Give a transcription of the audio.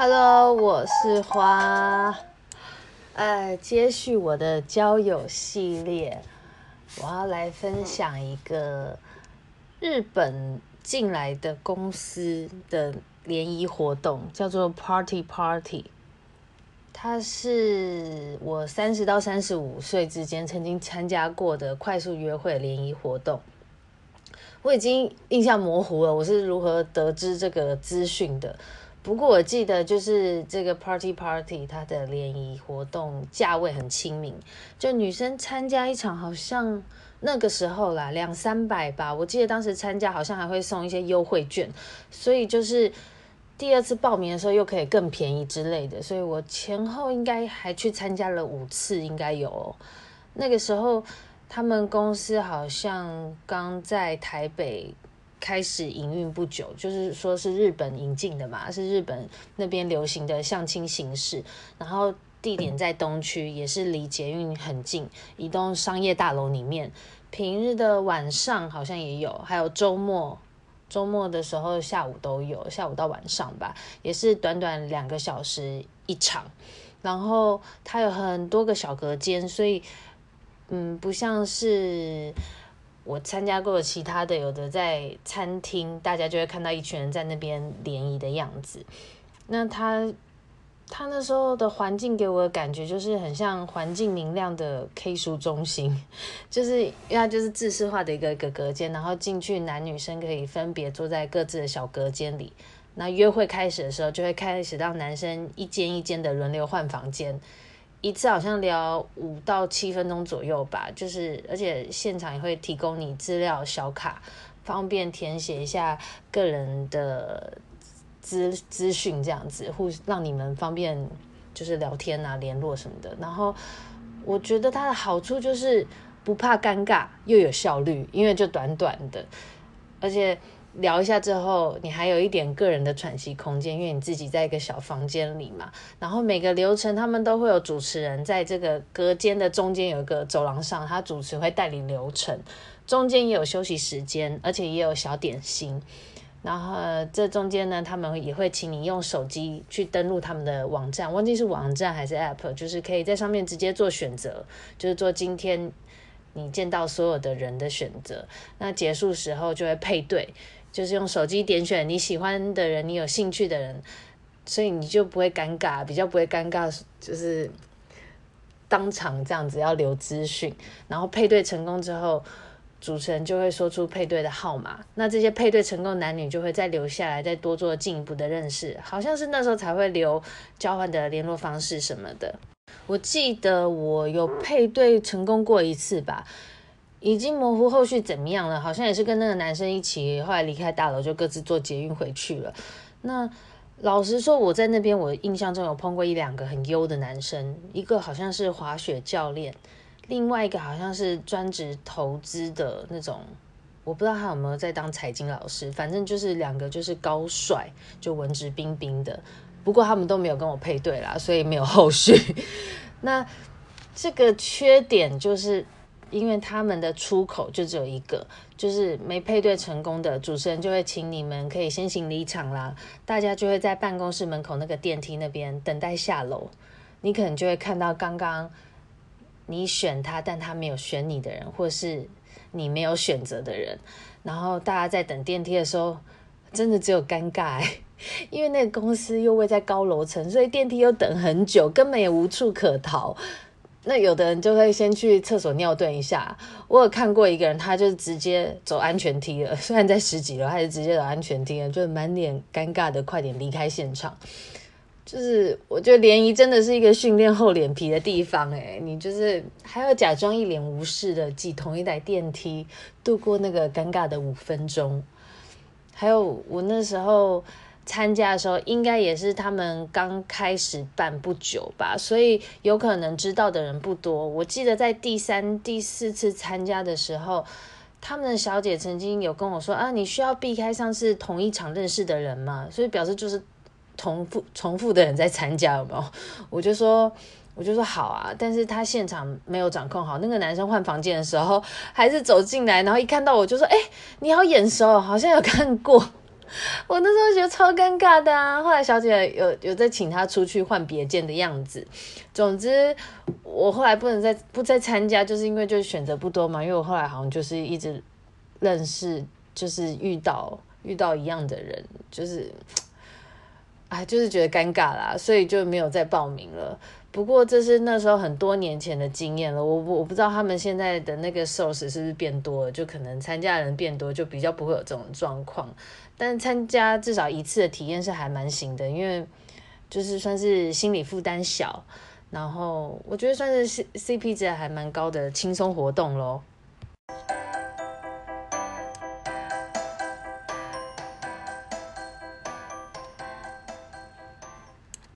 Hello，我是花。呃，接續我的交友系列，我要來分享一個日本進來的公司的聯誼活動，叫做 Party Party。它是我三十到三十五歲之間曾經參加過的快速約會聯誼活動。我已經印象模糊了，我是如何得知這個資訊的？不過我記得，就是這個 party party，它的聯誼活動價位很親民，就女生參加一場好像那個時候啦，兩三百吧。我記得當時參加好像還會送一些優惠券，所以就是第二次報名的時候又可以更便宜之類的。所以我前後應該還去參加了五次，應該有、哦。那個時候他們公司好像剛在台北。開始營運不久，就是說是日本引進的嘛，是日本那邊流行的相親形式。然後地點在東區，也是離捷運很近，一棟商業大樓裡面。平日的晚上好像也有，還有周末，周末的時候下午都有，下午到晚上吧，也是短短兩個小時一場。然後它有很多個小隔間，所以嗯，不像是。我參加過其他的，有的在餐廳，大家就會看到一群人在那邊聯誼的樣子。那他他那時候的環境給我的感覺就是很像環境明亮的 K 書中心，就是要就是自私化的一個格格間，然後進去男女生可以分別坐在各自的小隔間裡。那約會開始的時候，就會開始讓男生一間一間的輪流換房間。一次好像聊五到七分鐘左右吧，就是而且現場也會提供你資料小卡，方便填寫一下個人的資資訊這樣子，或讓你們方便就是聊天啊、聯絡什麼的。然後我覺得它的好處就是不怕尷尬又有效率，因為就短短的，而且。聊一下之後，你還有一點個人的喘息空間，因為你自己在一個小房間裡嘛。然後每個流程他們都會有主持人在這個隔間的中間有一個走廊上，他主持會帶領流程。中間也有休息時間，而且也有小點心。然後這中間呢，他們也會請你用手機去登錄他們的網站，忘記是網站還是 APP，就是可以在上面直接做選擇，就是做今天你見到所有的人的選擇。那結束時候就會配對。就是用手機點選你喜歡的人，你有興趣的人，所以你就不會尷尬，比較不會尷尬，就是當場這樣子要留資訊，然後配對成功之後，主持人就會說出配對的號碼，那這些配對成功男女就會再留下來，再多做進一步的認識，好像是那時候才會留交換的聯絡方式什麼的。我記得我有配對成功過一次吧。已經模糊後續怎麼樣了？好像也是跟那個男生一起，後來離開大樓就各自坐捷運回去了。那老實說，我在那邊，我印象中有碰過一兩個很優的男生，一個好像是滑雪教練，另外一個好像是專職投資的那種，我不知道他有沒有在當財經老師。反正就是兩個就是高帥，就文質彬彬的。不過他們都沒有跟我配對啦，所以沒有後續。那這個缺點就是。因為他們的出口就只有一個，就是沒配對成功的主持人就會請你們可以先行離場啦。大家就會在辦公室門口那個電梯那邊等待下樓。你可能就會看到剛剛你選他，但他沒有選你的人，或是你沒有選擇的人。然後大家在等電梯的時候，真的只有尷尬、欸，因為那個公司又位在高樓層，所以電梯又等很久，根本也無處可逃。那有的人就會先去廁所尿遁一下。我有看過一個人，他就是直接走安全梯了。雖然在十幾樓，還是直接走安全梯了，就滿臉尷尬的快點離開現場。就是我覺得聯誼真的是一個訓練厚臉皮的地方哎、欸，你就是還要假裝一臉無視的擠同一台電梯度過那個尷尬的五分鐘。還有我那時候。參加的時候應該也是他們剛開始辦不久吧，所以有可能知道的人不多。我記得在第三、第四次參加的時候，他們的小姐曾經有跟我說：“啊，你需要避開上次同一場認識的人嘛？”所以表示就是重複、重複的人在參加，有沒有？我就說，我就說好啊，但是他現場沒有掌控好，那個男生換房間的時候還是走進來，然後一看到我就說：“哎、欸，你好眼熟，好像有看過。”我那時候覺得超尷尬的啊！後來小姐有有在請她出去換別件的樣子，總之我後來不能再不再參加，就是因為就是選擇不多嘛。因為我後來好像就是一直認識，就是遇到遇到一樣的人，就是。哎、啊，就是覺得尷尬啦，所以就沒有再報名了。不過這是那時候很多年前的經驗了，我我不知道他們現在的那個壽司是不是變多了，就可能參加的人變多，就比較不會有這種狀況。但參加至少一次的體驗是還蠻行的，因為就是算是心理負擔小，然後我覺得算是 CP 值還蠻高的輕鬆活動咯。